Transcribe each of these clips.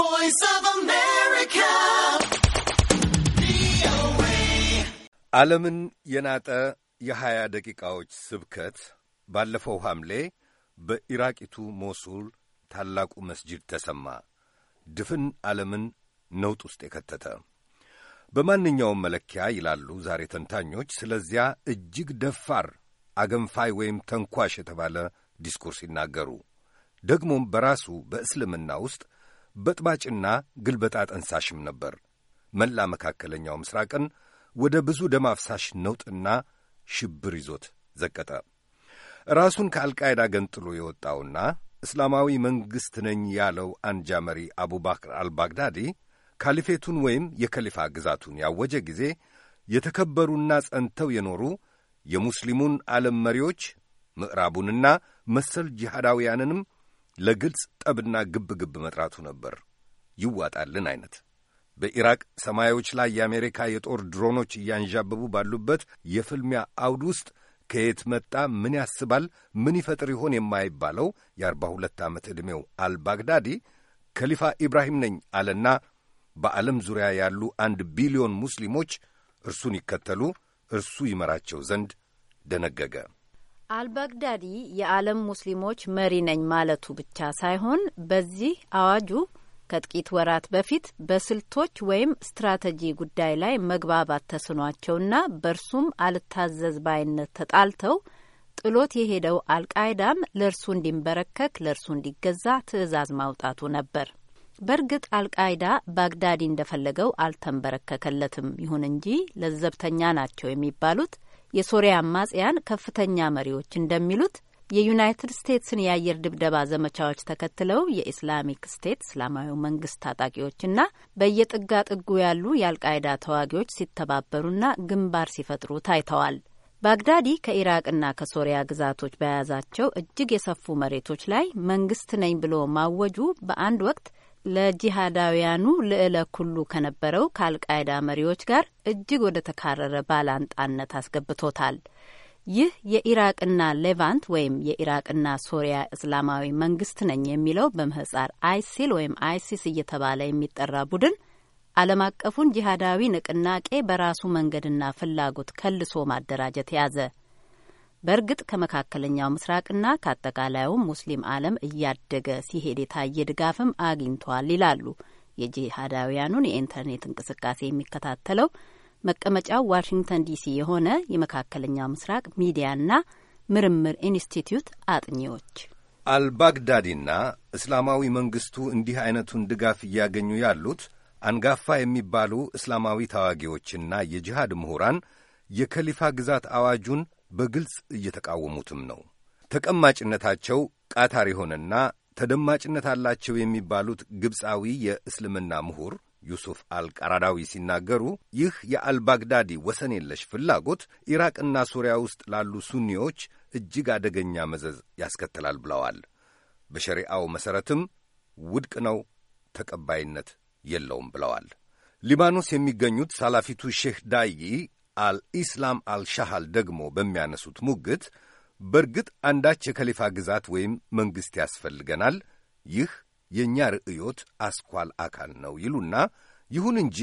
voice of America. ዓለምን የናጠ የሀያ ደቂቃዎች ስብከት ባለፈው ሐምሌ በኢራቂቱ ሞሱል ታላቁ መስጂድ ተሰማ። ድፍን ዓለምን ነውጥ ውስጥ የከተተ በማንኛውም መለኪያ ይላሉ ዛሬ ተንታኞች። ስለዚያ እጅግ ደፋር አገንፋይ ወይም ተንኳሽ የተባለ ዲስኩርስ ይናገሩ። ደግሞም በራሱ በእስልምና ውስጥ በጥባጭና ግልበጣ ጠንሳሽም ነበር። መላ መካከለኛው ምስራቅን ወደ ብዙ ደም አፍሳሽ ነውጥና ሽብር ይዞት ዘቀጠ። ራሱን ከአልቃይዳ ገንጥሎ የወጣውና እስላማዊ መንግሥት ነኝ ያለው አንጃ መሪ አቡባክር አልባግዳዲ ካሊፌቱን ወይም የከሊፋ ግዛቱን ያወጀ ጊዜ የተከበሩና ጸንተው የኖሩ የሙስሊሙን ዓለም መሪዎች ምዕራቡንና መሰል ጂሃዳውያንንም ለግልጽ ጠብና ግብ ግብ መጥራቱ ነበር። ይዋጣልን አይነት በኢራቅ ሰማዮች ላይ የአሜሪካ የጦር ድሮኖች እያንዣበቡ ባሉበት የፍልሚያ አውድ ውስጥ ከየት መጣ፣ ምን ያስባል፣ ምን ይፈጥር ይሆን የማይባለው የአርባ ሁለት ዓመት ዕድሜው አልባግዳዲ ከሊፋ ኢብራሂም ነኝ አለና በዓለም ዙሪያ ያሉ አንድ ቢሊዮን ሙስሊሞች እርሱን ይከተሉ፣ እርሱ ይመራቸው ዘንድ ደነገገ። አልባግዳዲ የዓለም ሙስሊሞች መሪ ነኝ ማለቱ ብቻ ሳይሆን በዚህ አዋጁ ከጥቂት ወራት በፊት በስልቶች ወይም ስትራቴጂ ጉዳይ ላይ መግባባት ተስኗቸውና በእርሱም አልታዘዝ ባይነት ተጣልተው ጥሎት የሄደው አልቃይዳም ለእርሱ እንዲንበረከክ ለእርሱ እንዲገዛ ትዕዛዝ ማውጣቱ ነበር። በእርግጥ አልቃይዳ ባግዳዲ እንደፈለገው አልተንበረከከለትም። ይሁን እንጂ ለዘብተኛ ናቸው የሚባሉት የሶሪያ አማጽያን ከፍተኛ መሪዎች እንደሚሉት የዩናይትድ ስቴትስን የአየር ድብደባ ዘመቻዎች ተከትለው የኢስላሚክ ስቴት እስላማዊ መንግስት ታጣቂዎችና በየጥጋ ጥጉ ያሉ የአልቃይዳ ተዋጊዎች ሲተባበሩና ግንባር ሲፈጥሩ ታይተዋል። ባግዳዲ ከኢራቅና ከሶሪያ ግዛቶች በያዛቸው እጅግ የሰፉ መሬቶች ላይ መንግስት ነኝ ብሎ ማወጁ በአንድ ወቅት ለጂሃዳውያኑ ልዕለ ኩሉ ከነበረው ከአልቃይዳ መሪዎች ጋር እጅግ ወደ ተካረረ ባላንጣነት አስገብቶታል። ይህ የኢራቅና ሌቫንት ወይም የኢራቅና ሶሪያ እስላማዊ መንግስት ነኝ የሚለው በምህጻር አይሲል ወይም አይሲስ እየተባለ የሚጠራ ቡድን ዓለም አቀፉን ጂሃዳዊ ንቅናቄ በራሱ መንገድና ፍላጎት ከልሶ ማደራጀት ያዘ። በእርግጥ ከመካከለኛው ምስራቅና ከአጠቃላዩ ሙስሊም ዓለም እያደገ ሲሄድ የታየ ድጋፍም አግኝቷል ይላሉ የጂሃዳውያኑን የኢንተርኔት እንቅስቃሴ የሚከታተለው መቀመጫው ዋሽንግተን ዲሲ የሆነ የመካከለኛው ምስራቅ ሚዲያና ምርምር ኢንስቲትዩት አጥኚዎች። አልባግዳዲና እስላማዊ መንግስቱ እንዲህ አይነቱን ድጋፍ እያገኙ ያሉት አንጋፋ የሚባሉ እስላማዊ ታዋጊዎችና የጂሃድ ምሁራን የከሊፋ ግዛት አዋጁን በግልጽ እየተቃወሙትም ነው። ተቀማጭነታቸው ቃታር የሆነና ተደማጭነት አላቸው የሚባሉት ግብፃዊ የእስልምና ምሁር ዩሱፍ አልቃራዳዊ ሲናገሩ ይህ የአልባግዳዲ ወሰን የለሽ ፍላጎት ኢራቅና ሱሪያ ውስጥ ላሉ ሱኒዎች እጅግ አደገኛ መዘዝ ያስከትላል ብለዋል። በሸሪአው መሠረትም ውድቅ ነው፣ ተቀባይነት የለውም ብለዋል። ሊባኖስ የሚገኙት ሳላፊቱ ሼህ ዳይ አልኢስላም አልሻሃል ደግሞ በሚያነሱት ሙግት በእርግጥ አንዳች የከሊፋ ግዛት ወይም መንግሥት ያስፈልገናል፣ ይህ የእኛ ርእዮት አስኳል አካል ነው ይሉና ይሁን እንጂ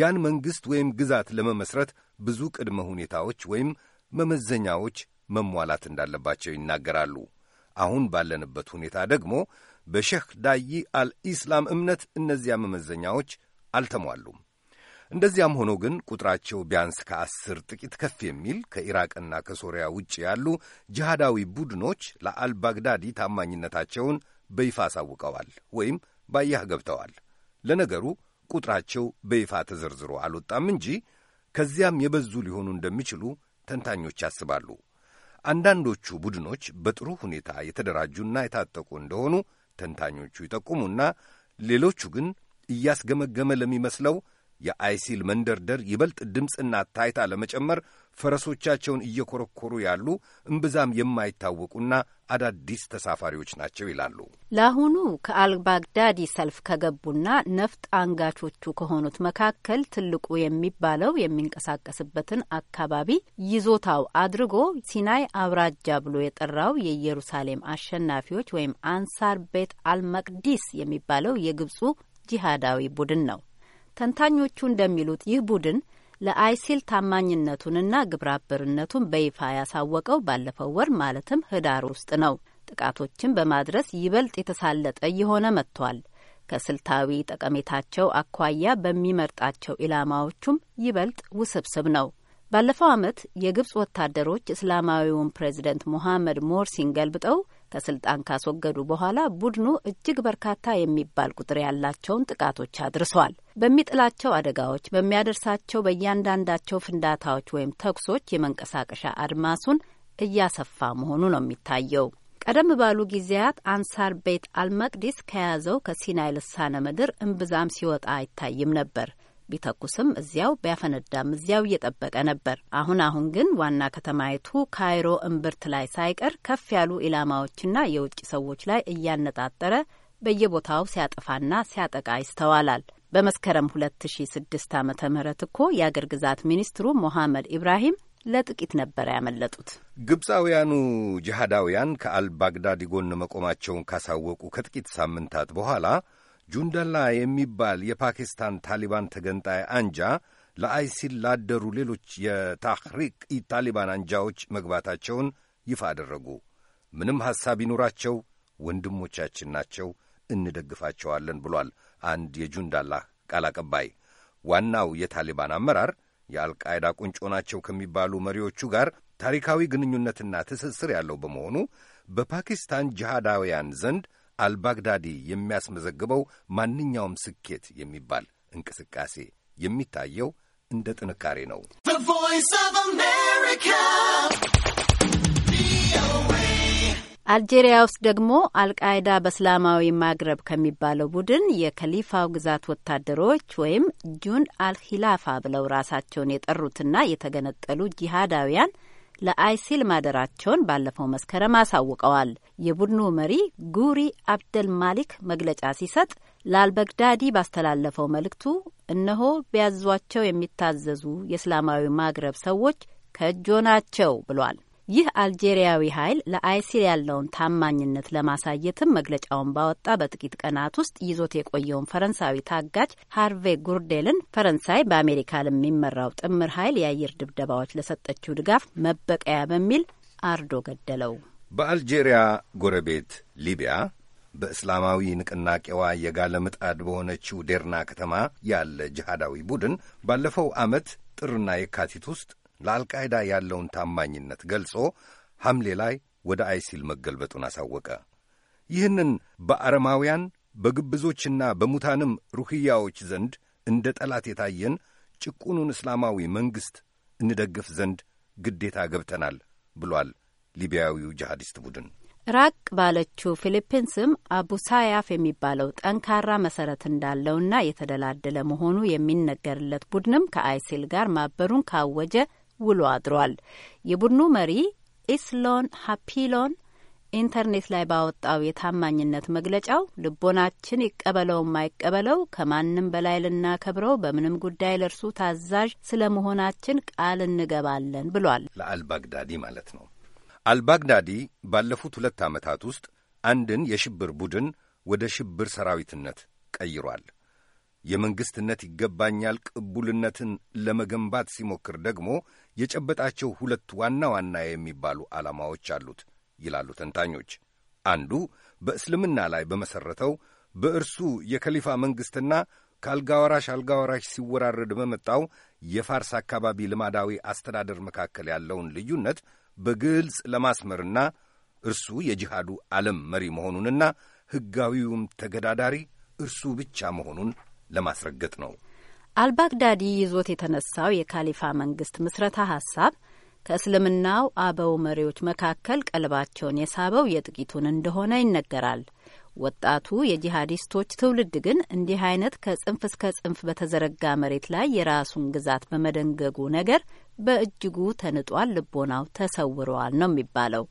ያን መንግሥት ወይም ግዛት ለመመስረት ብዙ ቅድመ ሁኔታዎች ወይም መመዘኛዎች መሟላት እንዳለባቸው ይናገራሉ። አሁን ባለንበት ሁኔታ ደግሞ በሼህ ዳይ አልኢስላም እምነት እነዚያ መመዘኛዎች አልተሟሉም። እንደዚያም ሆኖ ግን ቁጥራቸው ቢያንስ ከአስር ጥቂት ከፍ የሚል ከኢራቅና ከሶሪያ ውጭ ያሉ ጅሃዳዊ ቡድኖች ለአልባግዳዲ ታማኝነታቸውን በይፋ አሳውቀዋል ወይም ባያህ ገብተዋል። ለነገሩ ቁጥራቸው በይፋ ተዘርዝሮ አልወጣም እንጂ ከዚያም የበዙ ሊሆኑ እንደሚችሉ ተንታኞች ያስባሉ። አንዳንዶቹ ቡድኖች በጥሩ ሁኔታ የተደራጁና የታጠቁ እንደሆኑ ተንታኞቹ ይጠቁሙና ሌሎቹ ግን እያስገመገመ ለሚመስለው የአይሲል መንደርደር ይበልጥ ድምፅና ታይታ ለመጨመር ፈረሶቻቸውን እየኮረኮሩ ያሉ እምብዛም የማይታወቁና አዳዲስ ተሳፋሪዎች ናቸው ይላሉ። ለአሁኑ ከአልባግዳዲ ሰልፍ ከገቡና ነፍጥ አንጋቾቹ ከሆኑት መካከል ትልቁ የሚባለው የሚንቀሳቀስበትን አካባቢ ይዞታው አድርጎ ሲናይ አውራጃ ብሎ የጠራው የኢየሩሳሌም አሸናፊዎች ወይም አንሳር ቤት አልመቅዲስ የሚባለው የግብፁ ጂሃዳዊ ቡድን ነው። ተንታኞቹ እንደሚሉት ይህ ቡድን ለአይሲል ታማኝነቱንና ግብረአበርነቱን በይፋ ያሳወቀው ባለፈው ወር ማለትም ህዳር ውስጥ ነው። ጥቃቶችን በማድረስ ይበልጥ የተሳለጠ እየሆነ መጥቷል። ከስልታዊ ጠቀሜታቸው አኳያ በሚመርጣቸው ኢላማዎቹም ይበልጥ ውስብስብ ነው። ባለፈው ዓመት የግብፅ ወታደሮች እስላማዊውን ፕሬዚደንት ሞሐመድ ሞርሲን ገልብጠው ከስልጣን ካስወገዱ በኋላ ቡድኑ እጅግ በርካታ የሚባል ቁጥር ያላቸውን ጥቃቶች አድርሷል። በሚጥላቸው አደጋዎች፣ በሚያደርሳቸው በእያንዳንዳቸው ፍንዳታዎች ወይም ተኩሶች የመንቀሳቀሻ አድማሱን እያሰፋ መሆኑ ነው የሚታየው። ቀደም ባሉ ጊዜያት አንሳር ቤት አልመቅዲስ ከያዘው ከሲናይ ልሳነ ምድር እምብዛም ሲወጣ አይታይም ነበር። ቢተኩስም እዚያው ቢያፈነዳም እዚያው እየጠበቀ ነበር። አሁን አሁን ግን ዋና ከተማይቱ ካይሮ እምብርት ላይ ሳይቀር ከፍ ያሉ ኢላማዎችና የውጭ ሰዎች ላይ እያነጣጠረ በየቦታው ሲያጠፋና ሲያጠቃ ይስተዋላል። በመስከረም 2006 ዓ ም እኮ የአገር ግዛት ሚኒስትሩ ሞሐመድ ኢብራሂም ለጥቂት ነበር ያመለጡት። ግብፃውያኑ ጅሃዳውያን ከአልባግዳዲ ጎን መቆማቸውን ካሳወቁ ከጥቂት ሳምንታት በኋላ ጁንዳላ የሚባል የፓኪስታን ታሊባን ተገንጣይ አንጃ ለአይሲል ላደሩ ሌሎች የታህሪክ ታሊባን አንጃዎች መግባታቸውን ይፋ አደረጉ። ምንም ሐሳብ ይኑራቸው ወንድሞቻችን ናቸው፣ እንደግፋቸዋለን ብሏል አንድ የጁንዳላ ቃል አቀባይ። ዋናው የታሊባን አመራር የአልቃይዳ ቁንጮ ናቸው ከሚባሉ መሪዎቹ ጋር ታሪካዊ ግንኙነትና ትስስር ያለው በመሆኑ በፓኪስታን ጅሃዳውያን ዘንድ አልባግዳዲ የሚያስመዘግበው ማንኛውም ስኬት የሚባል እንቅስቃሴ የሚታየው እንደ ጥንካሬ ነው። አልጄሪያ ውስጥ ደግሞ አልቃይዳ በእስላማዊ ማግረብ ከሚባለው ቡድን የከሊፋው ግዛት ወታደሮች ወይም ጁን አልሂላፋ ብለው ራሳቸውን የጠሩትና የተገነጠሉ ጂሃዳውያን ለአይሲል ማደራቸውን ባለፈው መስከረም አሳውቀዋል። የቡድኑ መሪ ጉሪ አብደል ማሊክ መግለጫ ሲሰጥ ለአልበግዳዲ ባስተላለፈው መልእክቱ እነሆ ቢያዟቸው የሚታዘዙ የእስላማዊ ማግረብ ሰዎች ከእጆ ናቸው ብሏል። ይህ አልጄሪያዊ ኃይል ለአይሲል ያለውን ታማኝነት ለማሳየትም መግለጫውን ባወጣ በጥቂት ቀናት ውስጥ ይዞት የቆየውን ፈረንሳዊ ታጋጅ ሃርቬ ጉርዴልን ፈረንሳይ በአሜሪካ ለሚመራው ጥምር ኃይል የአየር ድብደባዎች ለሰጠችው ድጋፍ መበቀያ በሚል አርዶ ገደለው። በአልጄሪያ ጎረቤት ሊቢያ በእስላማዊ ንቅናቄዋ የጋለ ምጣድ በሆነችው ዴርና ከተማ ያለ ጅሃዳዊ ቡድን ባለፈው ዓመት ጥርና የካቲት ውስጥ ለአልቃይዳ ያለውን ታማኝነት ገልጾ ሐምሌ ላይ ወደ አይሲል መገልበጡን አሳወቀ። ይህንን በአረማውያን በግብዞችና በሙታንም ሩህያዎች ዘንድ እንደ ጠላት የታየን ጭቁኑን እስላማዊ መንግሥት እንደግፍ ዘንድ ግዴታ ገብተናል ብሏል ሊቢያዊው ጂሃዲስት ቡድን። ራቅ ባለችው ፊሊፒንስም አቡሳያፍ የሚባለው ጠንካራ መሰረት እንዳለውና የተደላደለ መሆኑ የሚነገርለት ቡድንም ከአይሲል ጋር ማበሩን ካወጀ ውሎ አድሯል። የቡድኑ መሪ ኢስሎን ሀፒሎን ኢንተርኔት ላይ ባወጣው የታማኝነት መግለጫው ልቦናችን ይቀበለው ማይቀበለው ከማንም በላይ ልናከብረው በምንም ጉዳይ ለእርሱ ታዛዥ ስለ መሆናችን ቃል እንገባለን ብሏል። ለአልባግዳዲ ማለት ነው። አልባግዳዲ ባለፉት ሁለት ዓመታት ውስጥ አንድን የሽብር ቡድን ወደ ሽብር ሰራዊትነት ቀይሯል። የመንግሥትነት ይገባኛል ቅቡልነትን ለመገንባት ሲሞክር ደግሞ የጨበጣቸው ሁለት ዋና ዋና የሚባሉ ዓላማዎች አሉት ይላሉ ተንታኞች። አንዱ በእስልምና ላይ በመሠረተው በእርሱ የከሊፋ መንግሥትና ከአልጋወራሽ አልጋወራሽ ሲወራረድ በመጣው የፋርስ አካባቢ ልማዳዊ አስተዳደር መካከል ያለውን ልዩነት በግልጽ ለማስመርና እርሱ የጂሃዱ ዓለም መሪ መሆኑንና ሕጋዊውም ተገዳዳሪ እርሱ ብቻ መሆኑን ለማስረገጥ ነው። አልባግዳዲ ይዞት የተነሳው የካሊፋ መንግስት ምስረታ ሀሳብ ከእስልምናው አበው መሪዎች መካከል ቀልባቸውን የሳበው የጥቂቱን እንደሆነ ይነገራል። ወጣቱ የጂሃዲስቶች ትውልድ ግን እንዲህ አይነት ከጽንፍ እስከ ጽንፍ በተዘረጋ መሬት ላይ የራሱን ግዛት በመደንገጉ ነገር በእጅጉ ተንጧል፣ ልቦናው ተሰውረዋል ነው የሚባለው።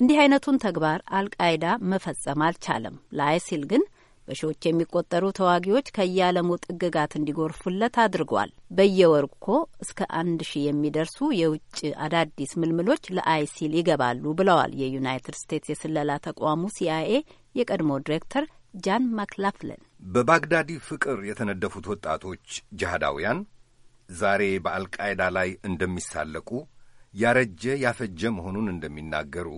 እንዲህ አይነቱን ተግባር አልቃይዳ መፈጸም አልቻለም። ለአይሲል ግን በሺዎች የሚቆጠሩ ተዋጊዎች ከየዓለሙ ጥግጋት እንዲጎርፉለት አድርጓል። በየወር እኮ እስከ አንድ ሺህ የሚደርሱ የውጭ አዳዲስ ምልምሎች ለአይሲል ይገባሉ ብለዋል የዩናይትድ ስቴትስ የስለላ ተቋሙ ሲአይኤ የቀድሞ ዲሬክተር ጃን ማክላፍለን። በባግዳዲ ፍቅር የተነደፉት ወጣቶች ጅሃዳውያን ዛሬ በአልቃይዳ ላይ እንደሚሳለቁ ያረጀ ያፈጀ መሆኑን እንደሚናገሩ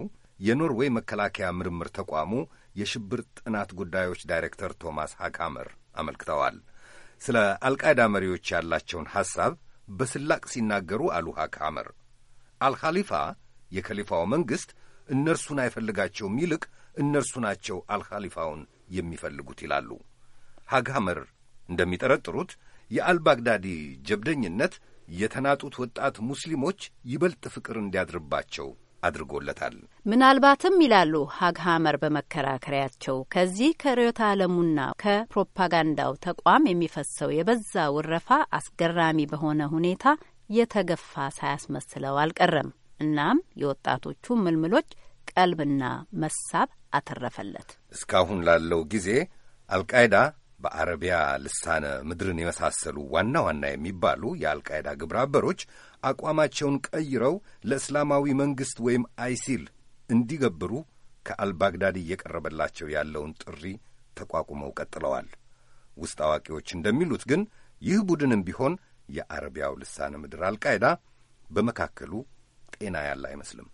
የኖርዌይ መከላከያ ምርምር ተቋሙ የሽብር ጥናት ጉዳዮች ዳይሬክተር ቶማስ ሃካመር አመልክተዋል። ስለ አልቃይዳ መሪዎች ያላቸውን ሐሳብ በስላቅ ሲናገሩ አሉ ሃካመር አልኻሊፋ የከሊፋው መንግሥት እነርሱን አይፈልጋቸውም፣ ይልቅ እነርሱ ናቸው አልኻሊፋውን የሚፈልጉት ይላሉ። ሃካመር እንደሚጠረጥሩት የአልባግዳዲ ጀብደኝነት የተናጡት ወጣት ሙስሊሞች ይበልጥ ፍቅር እንዲያድርባቸው አድርጎለታል። ምናልባትም ይላሉ ሀግሃመር በመከራከሪያቸው ከዚህ ከርዕዮተ ዓለሙና ከፕሮፓጋንዳው ተቋም የሚፈሰው የበዛ ውረፋ አስገራሚ በሆነ ሁኔታ የተገፋ ሳያስመስለው አልቀረም። እናም የወጣቶቹ ምልምሎች ቀልብና መሳብ አተረፈለት። እስካሁን ላለው ጊዜ አልቃይዳ በአረቢያ ልሳነ ምድርን የመሳሰሉ ዋና ዋና የሚባሉ የአልቃይዳ ግብረ አበሮች አቋማቸውን ቀይረው ለእስላማዊ መንግሥት ወይም አይሲል እንዲገብሩ ከአልባግዳድ እየቀረበላቸው ያለውን ጥሪ ተቋቁመው ቀጥለዋል። ውስጥ አዋቂዎች እንደሚሉት ግን ይህ ቡድንም ቢሆን የአረቢያው ልሳነ ምድር አልቃይዳ በመካከሉ ጤና ያለ አይመስልም።